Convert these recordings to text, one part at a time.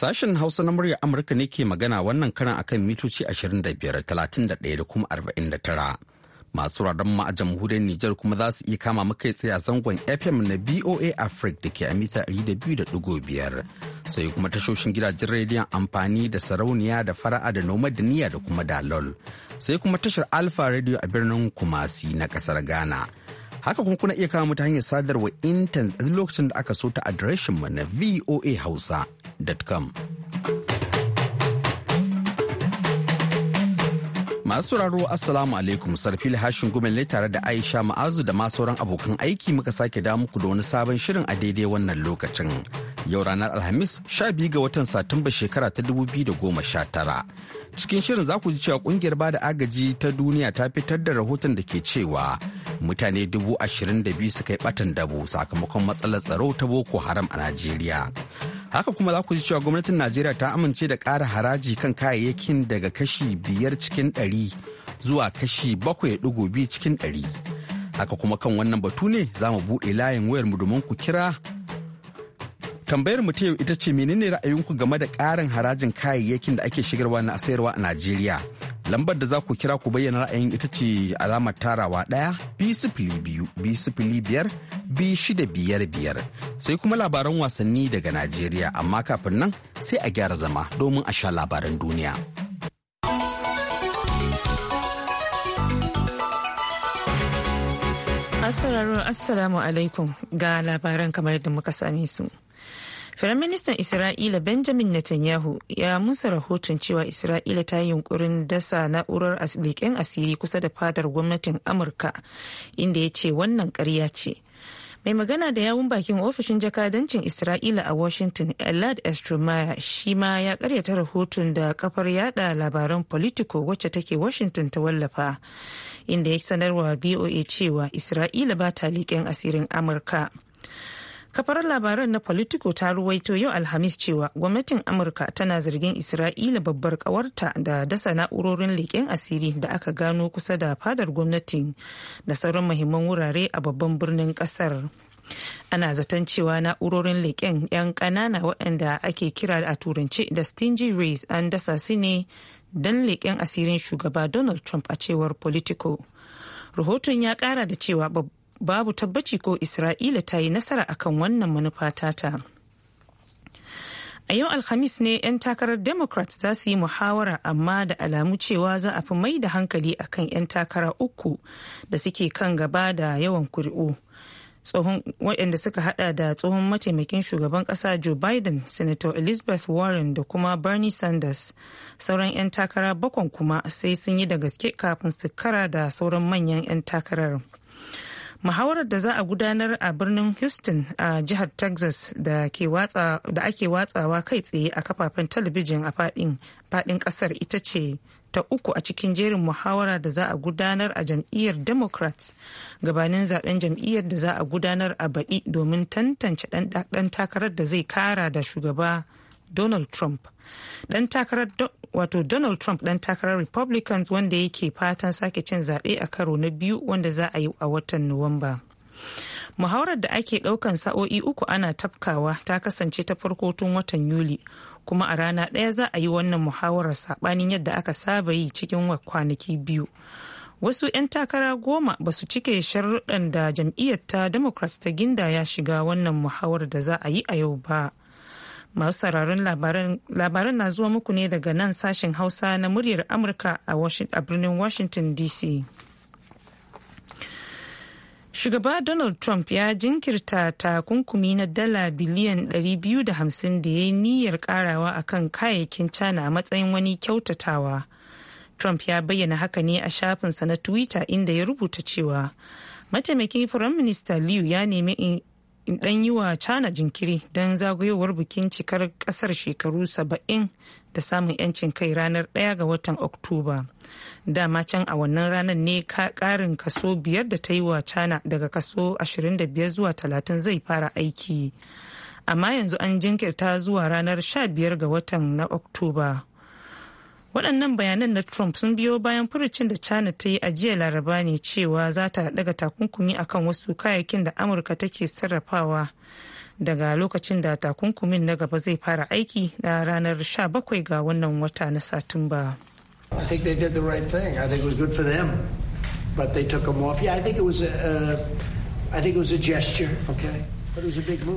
Sashen Hausa na murya Amurka ne ke magana wannan karan akan mitoci 25, 31 da kuma 49. Masu radon ma a jamhuriyar Nijar kuma za su iya kama muka tsaye a zangon FM na BOA Africa da ke a mita 200.5. Sai kuma tashoshin gidajen rediyon amfani da sarauniya da fara'a da noma da niyya da kuma dalol. Sai kuma tashar Alpha Radio a birnin Kumasi na kasar Ghana. Haka kuma kuna iya kama mu ta hanyar sadarwa intanet a lokacin da aka so ta adireshin mu na voahausa.com. Masu sauraro Assalamu alaikum sarfi hashin gumin ne tare da Aisha Ma'azu da ma sauran abokan aiki muka sake da muku da wani sabon shirin a daidai wannan lokacin. Yau ranar Alhamis 12 ga watan Satumba shekara ta 2019. Cikin shirin za ku ji cewa kungiyar bada agaji ta duniya ta fitar da rahoton da ke cewa mutane dubu ashirin da biyu suka yi batan dabo sakamakon matsalar tsaro ta boko haram a najeriya haka kuma za ku ji cewa gwamnatin najeriya ta amince da ƙara haraji kan kayayyakin daga kashi biyar cikin ɗari zuwa kashi bakwai ɗigo biyu cikin ɗari haka kuma kan wannan batu ne za mu buɗe layin wayar mu domin ku kira tambayar mu ta yau ita ce menene ra'ayinku game da ƙarin harajin kayayyakin da ake shigarwa na sayarwa a najeriya lambar da za ku kira ku bayyana ra'ayin ita ce alamar tarawa ɗaya bi sifili biyu bi sifili biyar bi shida biyar biyar sai kuma labaran wasanni daga najeriya amma kafin nan sai a gyara zama domin a sha labaran duniya Assalamu alaikum ga labaran kamar da muka same su. Firaministan Isra'ila Benjamin Netanyahu ya musa rahoton cewa Isra'ila ta yi yunkurin dasa na'urar leƙen asiri kusa da fadar gwamnatin Amurka inda ya ce wannan ƙarya ce. Mai magana da yawun bakin ofishin jakadancin Isra'ila a Washington, Elad Estromaya shi ma ya karyata rahoton da kafar yada labaran Politico wacce take Washington ta wallafa, inda ya sanarwa VOA cewa Isra'ila ba ta leƙen asirin Amurka. kafar labaran na politico ta ruwaito yau alhamis cewa gwamnatin amurka tana zargin isra'ila babbar kawarta da dasa na'urorin leƙen asiri da aka gano kusa da fadar gwamnati da sauran muhimman wurare a babban birnin kasar? ana zaton cewa na'urorin leƙen 'yan ƙanana waɗanda ake kira a turance da stingy rays an dasa su ne don leƙen asirin shugaba donald trump a cewar politico rahoton ya kara da cewa babu tabbaci ko isra'ila ta yi nasara akan wannan manufa tata a yau alhamis ne 'yan takarar democrats za su yi muhawara amma da alamu cewa za a fi mai da hankali akan 'yan takara uku da suke kan gaba da yawan kuri'u tsohon waɗanda suka hada da tsohon mataimakin shugaban ƙasa joe biden senator elizabeth warren da kuma bernie sanders sauran 'yan takara bakon kuma sai sun yi da gaske kafin su kara da sauran manyan 'yan takarar muhawarar da za a gudanar a birnin houston a jihar texas da ake watsawa kai tsaye a kafafen talabijin a fadin kasar ita ce ta uku a cikin jerin muhawara da za a gudanar a jam'iyyar democrats gabanin zaben jam'iyyar da za a gudanar a baɗi domin tantance ɗan takarar da zai kara da shugaba donald trump dan takarar wato donald trump dan takarar republicans wanda yake fatan sake cin zaɓe a karo na biyu wanda za a yi a watan nuwamba muhawarar da ake ɗaukan sa'o'i uku ana tafkawa ta kasance ta farko tun watan yuli kuma a rana ɗaya za a yi wannan muhawarar saɓanin yadda aka saba yi cikin kwanaki biyu wasu 'yan takara goma ba su cike sharuɗan da jam'iyyar ta democrats ta ginda ya shiga wannan muhawarar da za a yi a yau ba Masu sauraron labaran na zuwa muku ne daga nan sashen Hausa na muryar Amurka a birnin Washington DC. Shugaba Donald Trump ya jinkirta takunkumi na dala biliyan 250 da ya yi niyyar karawa a kan kayayyakin China a matsayin wani kyautatawa. Trump ya bayyana haka ne a shafinsa na Twitter inda ya rubuta cewa mataimakin Firaminista Liu ya nemi in dan yi wa cana jinkiri don zagayowar bikin cikar kasar shekaru saba'in da samun yancin kai ranar 1 ga watan oktoba dama can a wannan ranar ne karin kaso biyar da ta yi wa cana daga kaso 25 zuwa 30 zai fara aiki amma yanzu an jinkirta zuwa ranar 15 ga watan na oktoba waɗannan bayanan na trump sun biyo bayan furucin da china ta yi a jiya laraba ne cewa za ta daga takunkumi akan wasu kayayyakin da amurka take sarrafawa daga lokacin da takunkumin na gaba zai fara aiki na ranar 17 ga wannan wata na satumba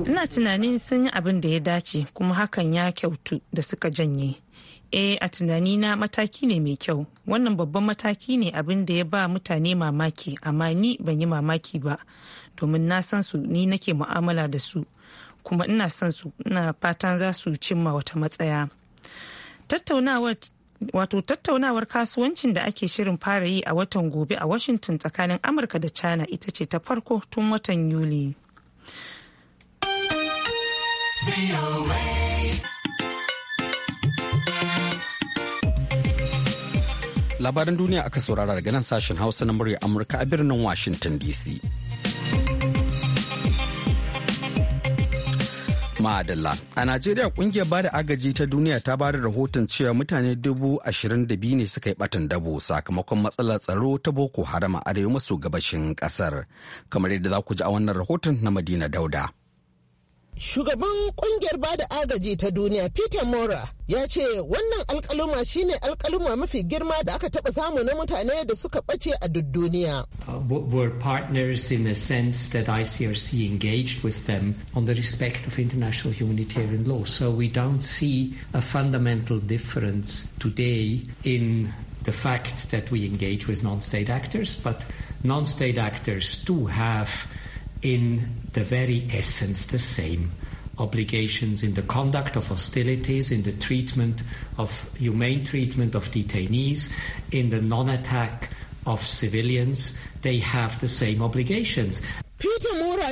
Ina tunanin sun yi abin da ya dace kuma hakan ya kyautu da suka janye. eh a tunani na mataki ne mai kyau wannan babban mataki ne abin da ya ba mutane mamaki amma ni ban yi mamaki ba domin na san su ni nake mu'amala da su kuma ina san su ina fatan za su cimma wata matsaya wato tattaunawar kasuwancin da ake shirin fara yi a watan gobe a washington tsakanin amurka da china ita ce ta farko tun watan yuli labaran duniya aka saurara daga nan sashen hausa na murya amurka a birnin washington dc ma'adala a najeriya kungiyar bada agaji ta duniya ta bada rahoton cewa mutane dubu ashirin da biyu ne suka yi batan dabo sakamakon matsalar tsaro ta boko haram a arewa maso gabashin kasar kamar yadda za ku ji a wannan rahoton na madina dauda Shugaban kungiyar bada agaji ta duniya Peter Mora ya ce wannan alkaluma shine alkaluma mafi girma da aka taba samu na mutane da suka bace a duk duniya. Uh, we're partners in the sense that ICRC engaged with them on the respect of international humanitarian law. So we don't see a fundamental difference today in the fact that we engage with non-state actors, but non-state actors do have in the very essence the same obligations in the conduct of hostilities, in the treatment of humane treatment of detainees, in the non attack of civilians, they have the same obligations. Peter Mora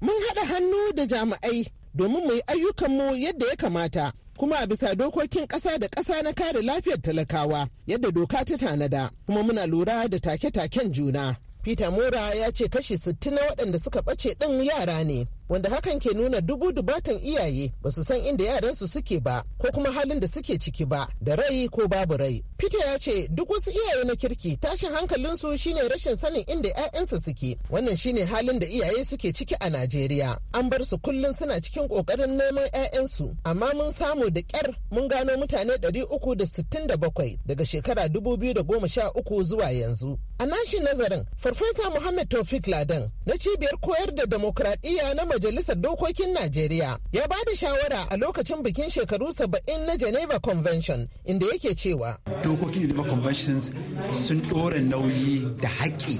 Mun haɗa hannu da jami'ai domin mu yi ayyukanmu yadda ya kamata, kuma a bisa dokokin ƙasa da ƙasa na kare lafiyar talakawa yadda doka ta tanada, kuma muna lura da take-taken juna. peter mora ya ce kashi 60 na waɗanda suka ɓace ɗin yara ne wanda hakan ke nuna dubu dubatan iyaye ba su san inda yaransu suke ba ko kuma halin da suke ciki ba da rai ko babu rai peter ya ce duk wasu iyaye na kirki tashin hankalinsu shine rashin sanin inda 'ya'yansu suke wannan shine halin da iyaye suke ciki a najeriya an bar su kullum suna cikin ƙoƙarin neman 'ya'yansu amma mun samu da ƙyar mun gano mutane 367 daga shekara 2013 zuwa yanzu A nashi nazarin, Farfesa Muhammad Taufik Ladan na cibiyar koyar da demokradiyya na Majalisar Dokokin Najeriya ya ba da shawara a lokacin bikin shekaru saba'in na Geneva Convention inda yake cewa. Dokokin Geneva Conventions sun ɗora nauyi da haƙƙi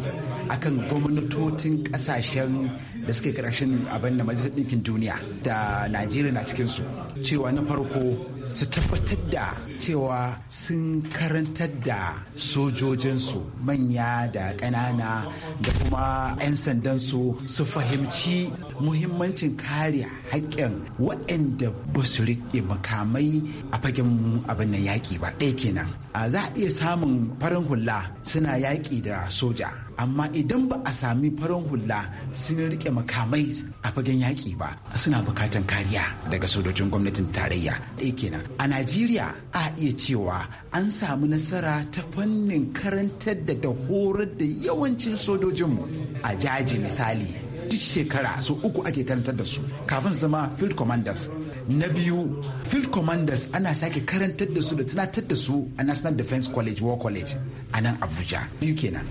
akan gwamnatocin ƙasashen da suke ƙarshen abin da Majalisar Ɗinkin Duniya da Najeriya na cikinsu. Cewa na farko su tabbatar da cewa sun karantar da sojojinsu manya da ƙanana da kuma 'yan sandansu su fahimci muhimmancin kare haƙƙin waɗanda ba su riƙe makamai a fagen abin nan yaƙi ba ɗaya kenan A za a iya samun farin hula suna yaƙi da soja amma idan ba a sami farin hula sun rike makamai a fagen yaƙi ba suna bukatan kariya daga sojojin gwamnatin tarayya ɗaya kenan a najeriya a iya cewa an samu nasara ta fannin karantar da da horar da yawancin sojojinmu a jaji misali duk shekara su uku ake karantar da su kafin su zama field commanders na biyu field commanders ana sake karantar da su da tunatar da su a national defense college war college a nan abuja biyu kenan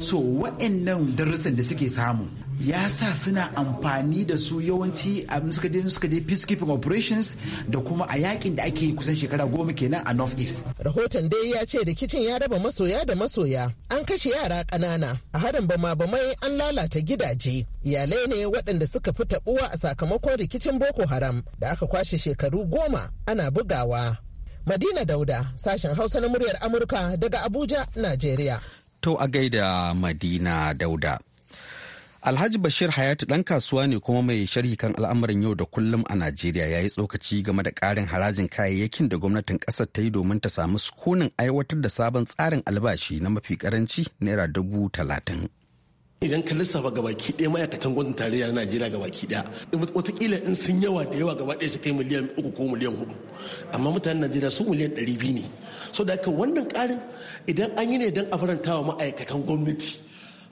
so wa'annan darussan da suke samu ya sa suna amfani da su yawanci a suka dai suka dai peacekeeping operations da kuma a yakin da ake kusan shekara goma kenan a north east rahoton dai ya ce rikicin ya raba masoya da masoya an kashe yara ƙanana a harin bama bamai an lalata gidaje iyalai ne waɗanda suka fi taɓuwa a sakamakon rikicin boko haram da aka kwashe shekaru goma ana bugawa madina dauda sashen hausa na muryar amurka daga abuja nigeria. to a gaida madina dauda Alhaji Bashir Hayatu ɗan kasuwa ne kuma mai sharhi kan al'amuran yau da kullum a Najeriya ya yi tsokaci game da ƙarin harajin kayayyakin da gwamnatin ƙasar ta yi domin ta samu sukunin aiwatar da sabon tsarin albashi na mafi ƙaranci naira dubu talatin. idan ka lissafa gabaki ɗaya ma'aikatan gwamnatin tarayya na najeriya gabaki ɗaya wataƙila in sun yawa da yawa gaba ɗaya su kai miliyan uku ko miliyan hudu amma mutanen najeriya su miliyan ɗari biyu ne so da haka wannan ƙarin idan an yi ne don a faranta wa ma'aikatan gwamnati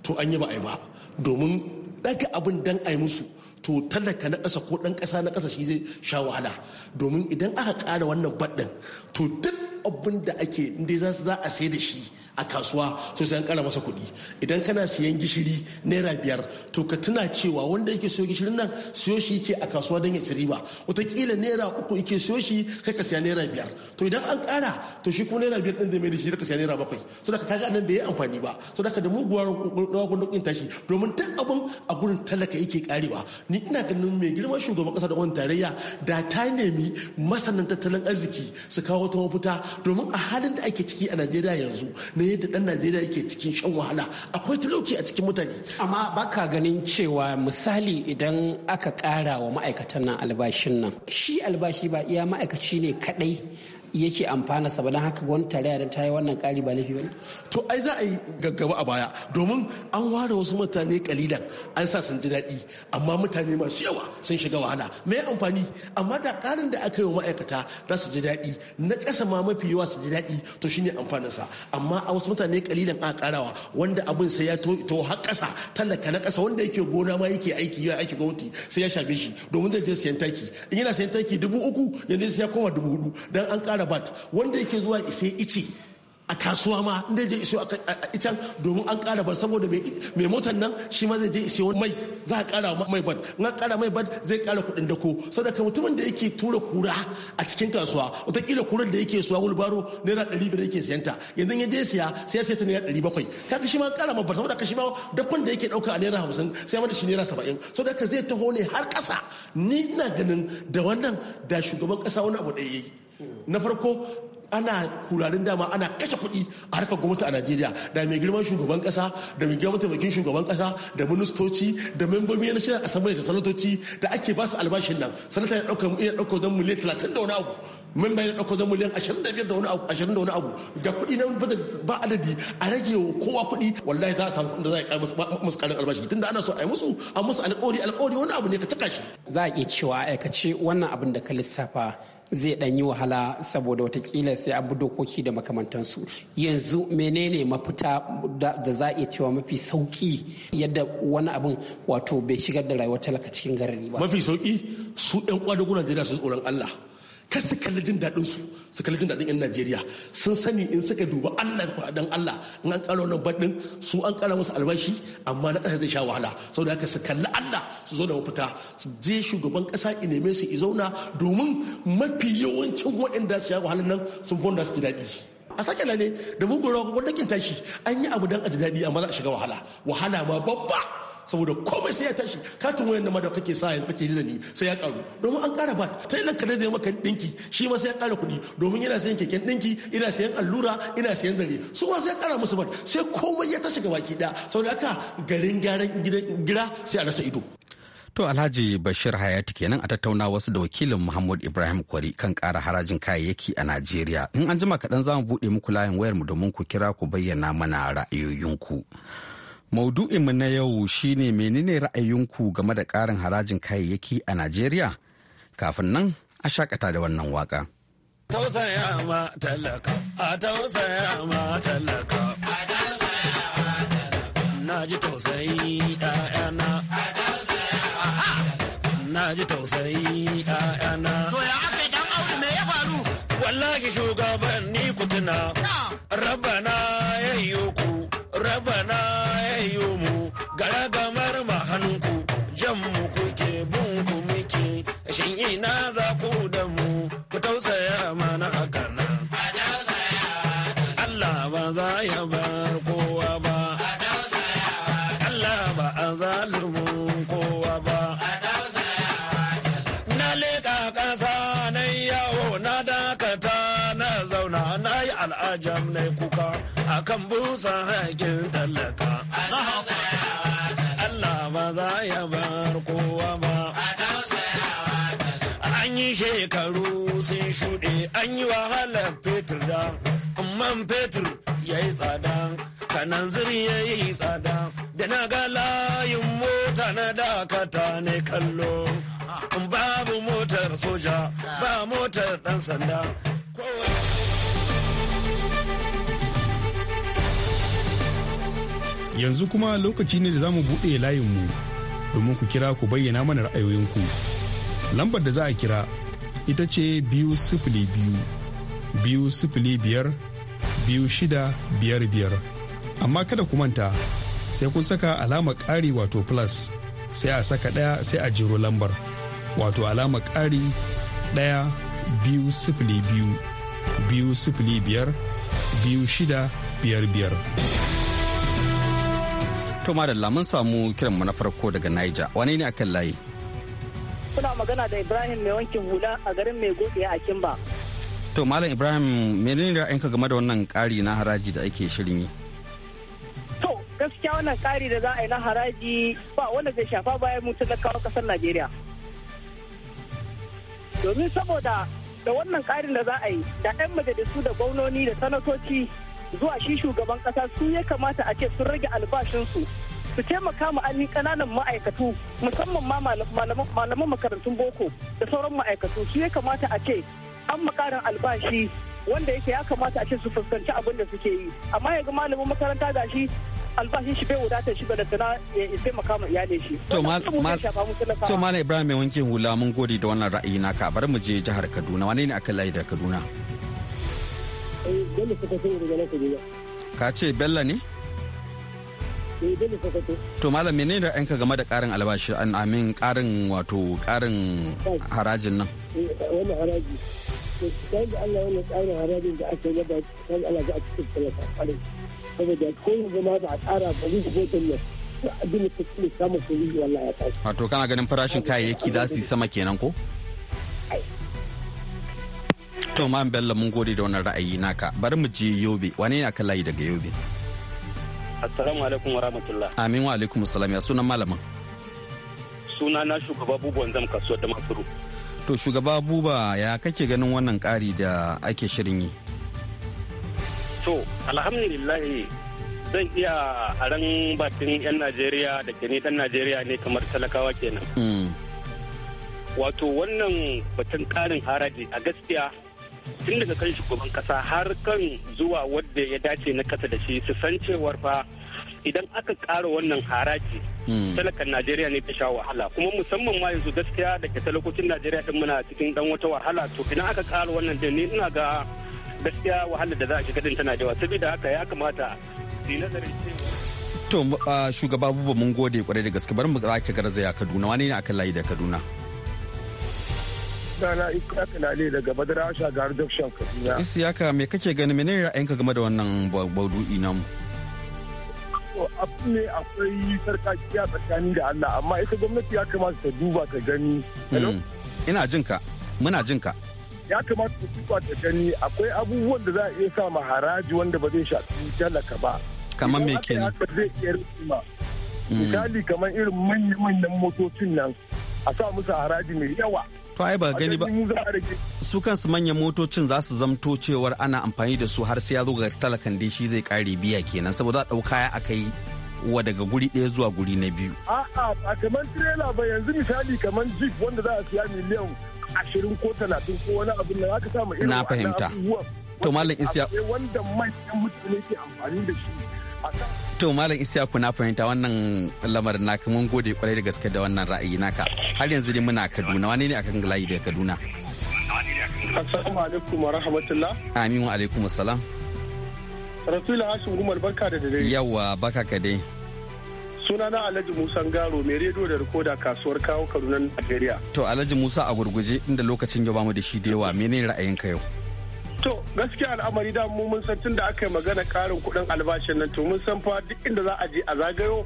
to an yi ba a yi ba domin daga abin dan a yi musu to talaka na ƙasa ko ɗan ƙasa na ƙasa shi zai sha wahala domin idan aka ƙara wannan baɗin to duk abin da ake inda za a sai da shi a kasuwa to an kara masa kuɗi idan kana siyan gishiri naira biyar to ka tuna cewa wanda yake siyo gishirin nan siyo shi ke a kasuwa don ya ci riba wataƙila naira uku yake siyo shi kai ka siya naira biyar to idan an kara to shi kuma naira biyar ɗin zai mai da shi ka siya naira bakwai so da kaga nan bai yi amfani ba so da ka da muguwar rawa gundun tashi domin duk abun a gurin talaka yake karewa ni ina ganin mai girma shugaban kasa da wani tarayya da ta nemi masanan tattalin arziki su kawo ta mafita domin a halin da ake ciki a najeriya yanzu me da dan najeriya yake cikin shan wahala akwai talauci a cikin mutane amma baka ganin cewa misali idan aka kara wa ma'aikatan nan albashin nan shi albashi ba iya ma'aikaci ne kadai yake amfana sa don haka gwamnati tare da ta yi wannan kari ba laifi bane to ai za a yi gaggaba a baya domin an ware wasu mutane kalilan an sa sun ji daɗi amma mutane masu yawa sun shiga wahala me amfani amma da karin da aka yi wa ma'aikata za su ji daɗi na ƙasa ma mafi yawa su ji daɗi to shine amfanin sa amma a wasu mutane kalilan aka karawa wanda abin sai ya to har ƙasa tallaka na ƙasa wanda yake gona ma yake aiki ya aiki gwamnati sai ya shafe shi domin zai je sayan taki in yana sayan taki dubu uku yanzu sai ya koma dubu hudu dan an kara ba wanda yake zuwa isai ice a kasuwa ma inda je iso a ican domin an kara bar saboda mai motar nan shi ma zai je iso mai za a kara mai ban in an kara mai ban zai kara kudin dako saboda mutumin da yake tura kura a cikin kasuwa kila kurar da yake suwa wulbaro naira ɗari biyar yake siyanta yanzu ya je siya sai ya siya ta naira ɗari bakwai kaga shi ma kara ma ban saboda ka shi ma dakon da yake ɗauka a naira hamsin sai ma da shi naira saba'in saboda ka zai taho ne har ƙasa ni ina ganin da wannan da shugaban ƙasa wani abu ɗaya yayi na farko ana kurarin dama ana kashe kuɗi a harkar gwamnati a najeriya da mai girman shugaban kasa da mai girman taimakin shugaban kasa da ministoci da membobi na shirin asambili da sanatoci da ake ba su albashin nan sanata ya dauka ya ɗauka don miliyan talatin da wani abu mun bai da ɗauko zan miliyan ashirin da biyar da wani abu ashirin da wani abu ga kuɗi na ba adadi a rage wa kowa kuɗi wallahi za a samu kuɗin da za a ƙara musu ƙarin albashi tunda ana so a yi musu a musu alƙawari alƙawari wani abu ne ka taka shi. za a iya cewa aikace wannan abin da ka lissafa zai ɗan yi wahala saboda watakila sai abu dokoki da makamantansu yanzu menene mafita da za a iya cewa mafi sauki yadda wani abin wato bai shigar da rayuwar talaka cikin garari ba mafi sauki su 'yan kwadugunan jira su tsoron Allah kar su kalli jin daɗin su su kalli jin daɗin 'yan najeriya sun sani in suka duba allah dan allah in an kara wannan baɗin su an ƙara musu albashi amma na ƙasa zai sha wahala saboda haka su kalli allah su zo da mafita su je shugaban ƙasa ya neme su i zauna domin mafi yawancin waɗanda su sha wahala nan sun fonda su ji daɗi. a sake ne da mugun rawa wanda dakin tashi an yi abu don a ji daɗi amma za a shiga wahala wahala ma babba saboda komai sai ya tashi katin wayan ma da kake sa yanzu kake da ni sai ya karu domin an kara bat sai nan kare zai maka dinki shi ma sai ya kara kuɗi domin ina sayan keken dinki ina sayan allura ina sayan zare su ma sai ya kara musu bat sai komai ya tashi gabaki da saboda haka garin gyaran gida sai a rasa ido To Alhaji Bashir Hayati kenan a tattauna wasu da wakilin Muhammad Ibrahim Kwari kan kara harajin kayayyaki a Najeriya. In an jima kaɗan zamu mu buɗe muku layin wayar mu domin ku kira ku bayyana mana ra'ayoyinku. Maudu'inmu na yau shine menene ra'ayinku game da ƙarin harajin kayayyaki a Najeriya? Kafin nan a shakata da wannan waka. Tausaya ma talaka, a tausaya ma talaka. Na ji tausayi ɗayana. Na ji tausayi ɗayana. To ya aka dan auri me ya faru? Wallahi shugaban ni kutuna. Rabana ya yi ku, rabana ina za ku da mu ku tausaya mana haka nan. Allah ba za ya bar kowa ba. Allah ba a zalumin kowa ba. Na leƙa ƙasa na yawo na dakata na zauna na yi al'ajam na kuka a kan busa haƙin tallaka. Allah ba za ya bar shekaru sun shuɗe an yi wahalar fetur da man fetur ya yi tsada kanan ziri ya yi tsada da na ga layin mota na dakata ne kallo babu motar soja ba motar ɗan sanda yanzu kuma lokaci ne da za mu buɗe layinmu domin ku kira ku bayyana mana ra'ayoyinku lambar da za a kira ita ce biyu sifili biyu biyu sifili biyar biyu shida biyar biyar amma kada ku manta sai kun saka alama ƙari wato plus sai a saka ɗaya sai a jiro lambar wato alama ƙari ɗaya biyu sifili biyu biyu sifili biyar biyu shida biyar biyar. To da lamun samu kiranmu na farko daga Niger, wane ne akan layi? Kuna magana da Ibrahim mai wankin hula a garin mai gode a Kimba. To Malam Ibrahim menene ra'ayinka game da wannan ƙari na haraji da ake shirin yi? To gaskiya wannan ƙari da za a yi na haraji ba wanda zai shafa bayan na kawo kasar Najeriya. Domin saboda da wannan ƙarin da za a yi da 'yan majalisu da gwamnoni da sanatoci zuwa shi shugaban ƙasa su ya kamata a ce sun rage albashinsu su taimaka mu ainihin kananan ma'aikatu musamman ma malaman makarantun boko da sauran ma'aikatu su ya kamata a ce an makarin albashi wanda yake ya kamata a ce su fuskanci abin da suke yi amma yanzu malamin makaranta shi albashin shi bai wadata shi da sana ya isa ma iyalin shi. To Malam Ibrahim mai wankin hula mun gode da wannan ra'ayi naka bari mu je jihar Kaduna wane ne kan layi da eh, Kaduna? Ka ce Bello ne? To malam menene da ka game da karin albashi an amin karin wato karin harajin nan? a a tsara Wato kana ganin farashin kayayyaki za su yi sama kenan ko? To Ma'am Bello mun gode da wannan ra'ayi naka. Bari mu je Yobe. Wane ne kalla layi daga Yobe? Assalamu alaikum wa rahmatullah. Amin wa alaikum salam ya sunan malamin. Suna na shugaba bubuwan zam kasuwar da mafuru. To shugaba buba ya kake ganin wannan ƙari da ake shirin yi? To alhamdulillahi zan iya a ran bakin 'yan Najeriya da ke ni dan Najeriya ne kamar talakawa kenan. Hmm. Wato wannan batun ƙarin haraji a gaskiya tun daga kan shugaban kasa har kan zuwa wadda ya dace na kasa da shi su san cewar fa idan aka ƙara wannan haraji hmm. talakan najeriya ne ta sha wahala kuma musamman ma yanzu gaskiya da ke talakocin najeriya din muna cikin dan wata wahala to idan aka ƙara wannan din ne ina ga gaskiya wahala da za a shiga din tana da saboda haka ya kamata su yi nazarin cewa to ah, shugaba buba mun gode kwarai da gaske bari mu ga ka garzaya kaduna wani ne akan layi da kaduna Sana Isiyaka kanale daga Badara ga Junction Kaduna. Isiyaka me kake ganin menene ra'ayinka game da wannan baudu'i namu? abu ne akwai sarkakiya tsakani da Allah amma ita gwamnati ya kamata ta duba ta gani. Hmm. Ina jin ka, muna jin ka. Ya kamata ta duba ta gani akwai abubuwan da za a iya sa ma haraji wanda ba zai shafi talaka ba. Kamar me kenan? Zai iya rikima. Hmm. Misali kamar irin manya-manyan motocin nan a sa musu haraji mai yawa. to ai ba gani ba su kansu manyan motocin za su zamto cewar ana amfani da su har sai ya zo ga talakan dai shi zai kare biya kenan saboda a dauka ya aka yi wa daga guri ɗaya zuwa guri na biyu. A'a a kamar trailer ba yanzu misali kamar jeep wanda za a siya miliyan ashirin ko talatin ko wani abin da aka samu irin na fahimta. To malam Isiya. Wanda mai mutane ke amfani da shi To Malam Isiyaku na fahimta wannan lamarin naka mun gode kwarai da gaske da wannan ra'ayi naka. Har yanzu ne muna Kaduna wani ne akan layi da Kaduna? Assalamu alaikum wa rahmatullah. Amin wa alaikum assalam. Rasulun Hashim Gumal barka da dare. Yawa baka ka dai. na Alhaji Musa Ngaro mai rediyo da rikoda kasuwar kawo Kaduna Nigeria. To Alhaji Musa a gurguje inda lokacin ya bamu da shi da yawa menene ra'ayinka yau? To gaskiya al'amari da mu mun san tun da aka yi magana karin kudin albashin nan to mun san fa duk inda za a je a zagayo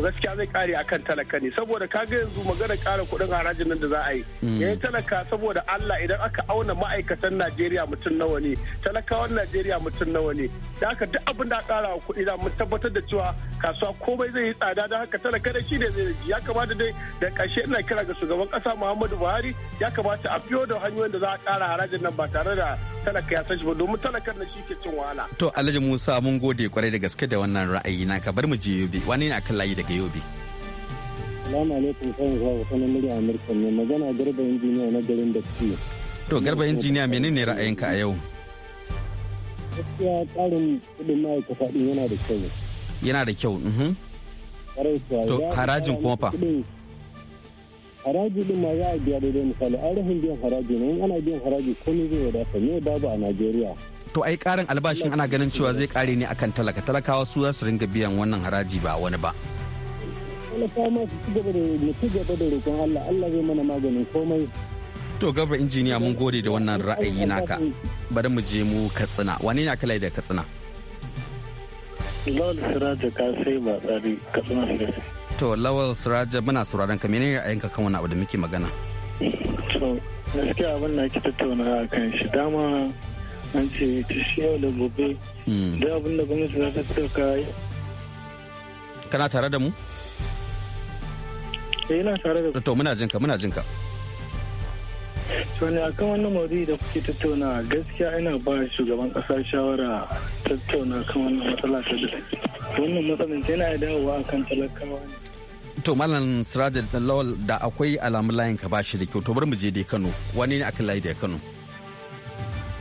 gaskiya zai kare akan talaka ne saboda ga yanzu magana kara kudin harajin nan da za a yi mm. yayin talaka saboda Allah idan aka auna ma'aikatan Najeriya mutum nawa ne talakawan Najeriya mutum nawa ne da haka duk abin da kara wa kuɗi da mun tabbatar da cewa kasuwa komai zai yi tsada da haka talaka da shi ne zai ya kamata dai da kashe ina kira ga shugaban ƙasa Muhammadu Buhari ya kamata a fiyo da hanyoyin da za a kara harajin nan ba tare da talaka ya san shi ba domin talakan na shi ke cin wahala to Alhaji Musa mun gode kwarai da gaske da wannan ra'ayi na ka bar mu je yobe wani ne akan layi da daga Yobe. Salamu alaikum sayin zuwa ga sanin murya Amurka ne magana garba injiniya na garin da ciwo. To garba injiniya menene ne ra'ayinka a yau? Gaskiya tsarin kudin ma'aikata din yana da kyau. Yana da kyau. Mhm. To harajin kuma fa? Haraji din ma za a biya daidai misali an rahin biyan haraji ne ana biyan haraji komai zai wadata ne babu a Najeriya. to ai karin albashin ana ganin cewa zai kare ne akan talaka talakawa su za su ringa biyan wannan haraji ba wani ba. wani fama su ci gaba da ci gaba da roƙon Allah Allah zai mana maganin komai to gaba injiniya mun gode da wannan ra'ayi naka bari mu je mu katsina wani na kala da katsina lawal siraja ka sai ba tsari katsina to lawal siraja muna sauraron ka menene ra'ayin ka kan wani abu da muke magana to gaskiya abin da ake tattauna a kan shi dama an ce ta shi yau da gobe hmm. da abin da gwamnati za ta tsirka kana tare da mu? sai eh, yana tare da to muna jinka muna jinka to ne akan wannan maudu'i da kuke tattauna gaskiya ina ba shugaban kasa shawara tattauna kan wannan matsala ta da wannan matsalan tana dawowa akan talakawa ne to malam sirajil lawal da akwai alamu layin ka ba shi da kyau to bari mu je dai kano wani ne akan layi da kano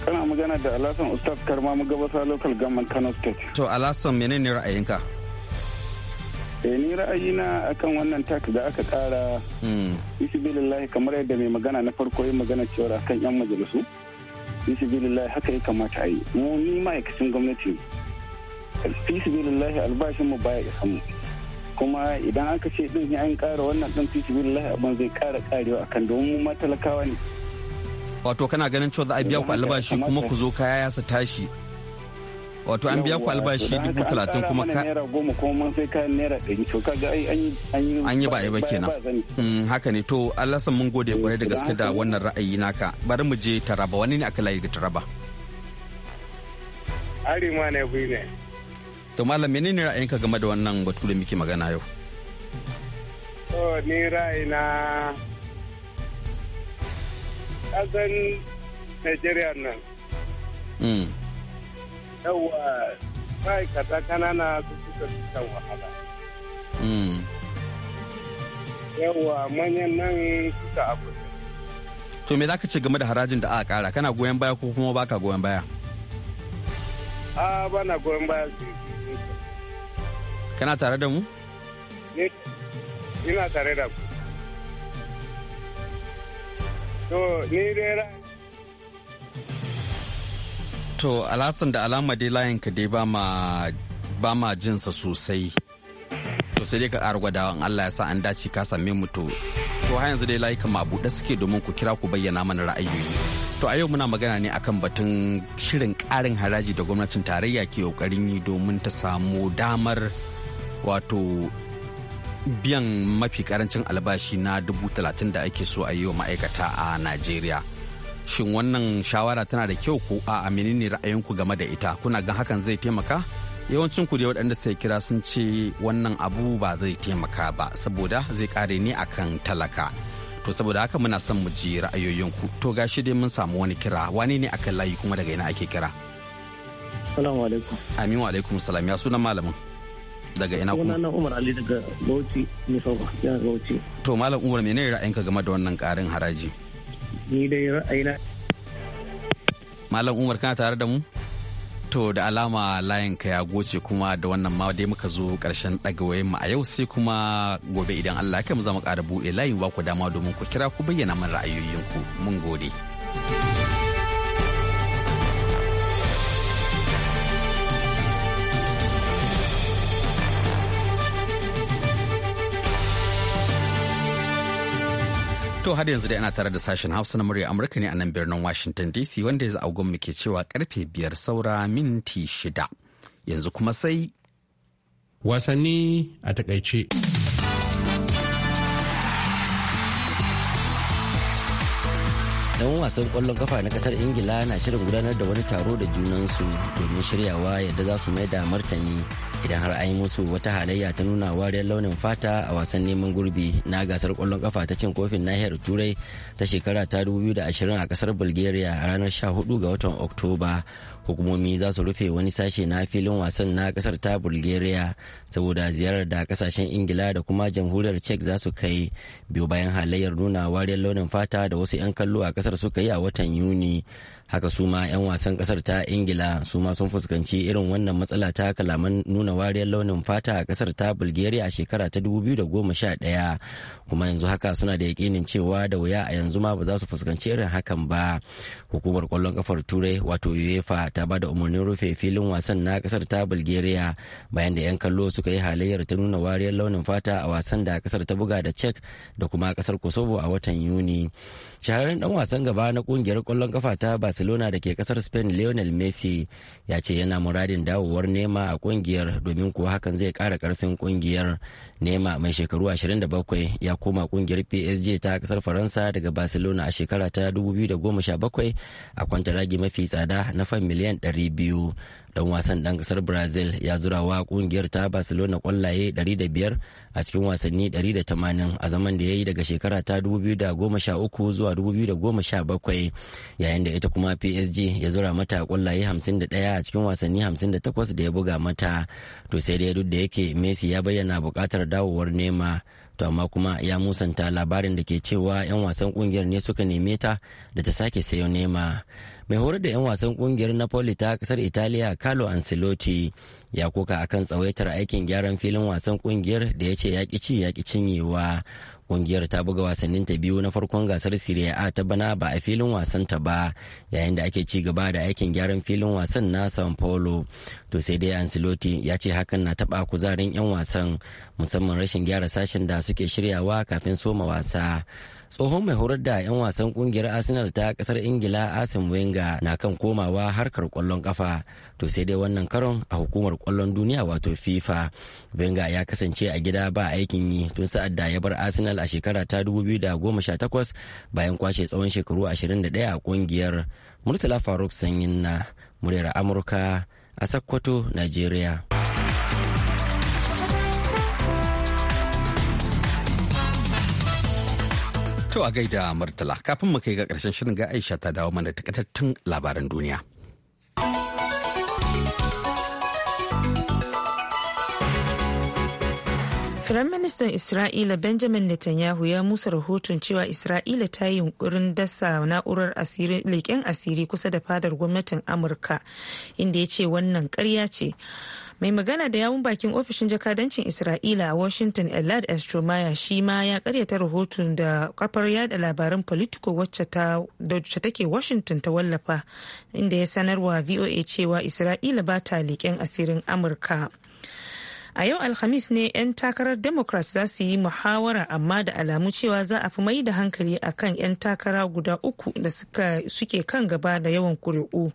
kana magana da alasan ustaz karma mu gabatar local government kano state to alasan menene ra'ayinka eh ni ra'ayi ra'ayina akan wannan tax da aka kara hmm. bisbillahi kamar yadda mai magana na farko yin magana cewa akan yan majalisu bisbillahi haka ya kamata a yi mu ni ma'aikacin gwamnati bisbillahi albashin mu baya isa mu kuma idan aka ce din ya an kara wannan din bisbillahi abin zai kara karewa akan domin mu ma ne wato kana ganin cewa za a biya ku albashi kuma ku zo kaya ya su tashi wato an biya ku albashi dubu talatin kuma ka naira goma sai naira ɗari to kaga an yi ba yi ba kenan mm, haka ne to Allah san mun gode kwarai da gaske da wannan ra'ayi naka bari mu je Taraba wani ne aka layi da Taraba Arima ne ku ne to malam menene ra'ayinka game da wannan batu da muke magana yau to ni ra'ayina kasan Najeriya nan mm. yawa ma'aikata kanana su suka kan wahala hmm. yawa manyan nan suka abu to me za ka ce game da harajin da aka kara kana goyon baya ko kuma baka goyon baya a bana goyon baya kana tare da mu ina tare da ku to ni dai To alasan da alama dai layin ka dai ba ma jinsa sosai. To sai dai ka ƙara gwada in Allah ya sa an dace ka same mu to. To har yanzu dai layukan ma buɗe suke domin ku kira ku bayyana mana ra'ayoyi. To a yau muna magana ne akan batun shirin ƙarin haraji da gwamnatin tarayya ke ƙoƙarin yi domin ta samu damar wato biyan mafi karancin albashi na dubu talatin da ake so a yi wa ma'aikata a najeriya shin wannan shawara tana da kyau ko a menene ra'ayinku game da ita kuna gan hakan zai taimaka yawancin ku dai waɗanda suka kira sun ce wannan abu ba zai taimaka ba saboda zai kare ne akan talaka to saboda haka muna son mu ji ra'ayoyinku to gashi dai mun samu wani kira wani ne akan layi kuma daga ina ake kira assalamu alaikum amin wa alaikum salam ya sunan malamin daga ina kuma na umar ali daga bauchi ne sauka ya bauchi to malam umar menene ra'ayinka game da wannan karin haraji ni dai ra'ayina malam umar kana tare da mu to da alama layin ka ya goce kuma da wannan ma dai muka zo karshen ɗagawayen mu a yau sai kuma gobe idan Allah ya kai mu zama mu ƙara buɗe layin ba ku dama domin ku kira ku bayyana mana ra'ayoyinku mun gode. To har yanzu dai ana tare da sashen Hausa na murya Amurka ne a nan birnin Washington DC wanda yanzu agon muke cewa karfe biyar saura minti shida. Yanzu kuma sai. Wasanni a takaice. yan wasan kwallon kafa na kasar ingila na shirin gudanar da wani taro da junansu domin shiryawa yadda za su mai da martani idan har an yi musu wata halayya ta nuna wariyar launin fata a wasan neman gurbi na gasar kwallon kafa ta cin kofin nahiyar turai ta shekara ta 2020 a kasar bulgaria a ranar 14 ga watan oktoba hukumomi za su rufe wani sashe na filin wasan na kasar ta bulgaria saboda ziyarar da kasashen ingila da kuma jamhuriyar czech za su kai biyu bayan halayyar nuna wariyar launin fata da wasu 'yan kallo a kasar suka yi a watan yuni haka su ma 'yan wasan kasar ta ingila su ma sun fuskanci irin wannan matsala ta kalaman nuna wariyar launin fata a kasar ta bulgaria a shekara ta 2011 kuma yanzu haka suna da yakinin cewa da wuya a yanzu ma ba za su fuskanci irin hakan ba hukumar kwallon kafar turai wato uefa ta ba da umarnin rufe filin wasan na kasar ta bulgaria bayan da 'yan kallo suka yi halayyar ta nuna wariyar launin fata a wasan da kasar ta buga da czech da kuma kasar kosovo a watan yuni shahararren dan wasan gaba na kungiyar kwallon kafa ta ba. barcelona da ke kasar spain lionel messi ya ce yana muradin dawowar nema a kungiyar domin kuwa hakan zai kara karfin kungiyar nema mai shekaru 27 ya koma kungiyar psg ta kasar faransa daga barcelona a shekara ta 2017 a ragi mafi tsada na fan miliyan 200 dan wasan dan kasar brazil ya zura wa kungiyar ta barcelona kwallaye 500 a cikin wasanni 180 a zaman da ya yi daga shekara ta 2013 zuwa 2017 yayin da ita kuma psg ya zura mata kwallaye 51 a cikin wasanni 58 da ya buga mata to sai dai duk da yake messi ya bayyana bukatar dawowar nema to amma kuma ya musanta labarin da ke cewa 'yan wasan kungiyar ne suka neme ta da ta sake sayo nema mai horar da 'yan wasan kungiyar napoli ta kasar italiya carlo ancelotti ya koka akan tsawaitar aikin gyaran filin wasan kungiyar da ya ce yaƙi ci yaƙi cinyewa kungiyar ta buga wasannin ta biyu na farkon gasar Serie A ta bana ba a filin wasan ta ba yayin da ake ci gaba da aikin gyaran filin wasan na San Paulo to sai dai Ancelotti ya ce hakan na taba kuzarin 'yan wasan musamman rashin gyara sashen da suke shiryawa kafin soma wasa tsohon mai horar da 'yan wasan kungiyar arsenal ta kasar ingila asim wenger na kan komawa harkar kwallon kafa to sai dai wannan karon a hukumar kwallon duniya wato fifa wenger ya kasance a gida ba aikin yi tun sa'ad da ya bar arsenal a shekara ta 2018 bayan kwashe tsawon shekaru 21 a kungiyar murtala faruk sanyin na muryar amurka a sakkwato nigeria To a gaida Murtala kafin mu kai ga ƙarshen shirin ga Aisha ta dawo mana takaitattun labaran duniya. Firaministan Isra'ila Benjamin Netanyahu ya musa rahoton cewa Isra'ila ta yi yunkurin dasa na'urar leƙen asiri kusa da fadar gwamnatin Amurka, inda ya ce wannan ƙarya ce. mai magana da yawun bakin ofishin jakadancin isra'ila a washington elad estromaya shi ma ya karyata rahoton da kafar yada labaran politiko wacce take washington ta wallafa inda ya sanarwa voa cewa isra'ila ba ta leƙen asirin amurka a yau alhamis ne 'yan takarar democrats za su yi muhawara amma da alamu cewa za a fi mai da hankali akan 'yan takara guda uku da suke kan gaba da yawan kuri'u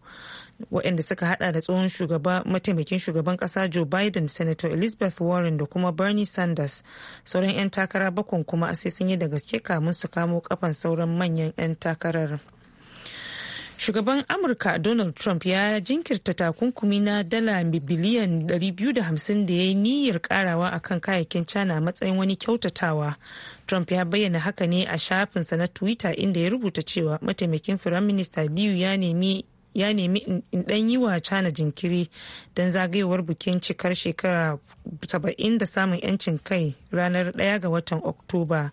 waɗanda suka hada da tsohon shugaba mataimakin shugaban kasa joe biden senator elizabeth warren da kuma bernie sanders sauran 'yan takara bakon kuma a sai sun yi da gaske kamun su kamo kafan sauran manyan 'yan takarar shugaban amurka donald trump ya jinkirta takunkumi na dala biliyan 250 da ya yi niyyar karawa a kan kayayyakin china matsayin wani kyautatawa trump ya bayyana haka ne a shafinsa na twitter inda ya rubuta cewa mataimakin firaminista liu ya nemi ya nemi in dan yi wa cana jinkiri don zagayowar bikin cikar shekara 70 da samun yancin kai ranar 1 ga watan oktoba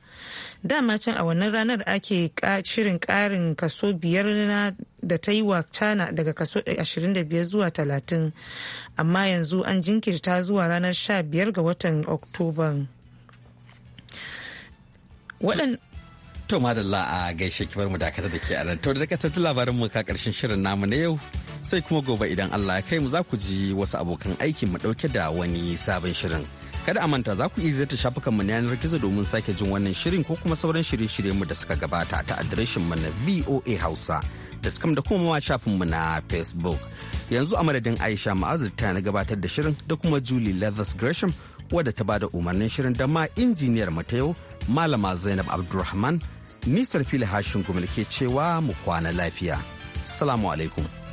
dama can a wannan ranar ake shirin karin kaso biyar na da ta yi wa cana daga kaso 25 zuwa 30 amma yanzu an jinkirta zuwa ranar 15 ga watan oktoba To madalla a gaishe ki bar mu dakatar da ke a nan. To da dakatar da labarin mu ka karshen shirin namu na yau sai kuma gobe idan Allah ya kai mu za ku ji wasu abokan aiki mu dauke da wani sabon shirin. Kada a manta za ku iya ziyarta shafukan mu na yanar gizo domin sake jin wannan shirin ko kuma sauran shirye-shiryen mu da suka gabata ta adireshin mu na VOA Hausa. Da da kuma ma shafin mu na Facebook. Yanzu a madadin Aisha Ma'azu ta na gabatar da shirin da kuma Julie Leathers Gresham wadda ta bada umarnin shirin da ma injiniyar mu Malama Zainab Abdulrahman nisar fili hashin gumul ke cewa mu kwana lafiya salamu alaikum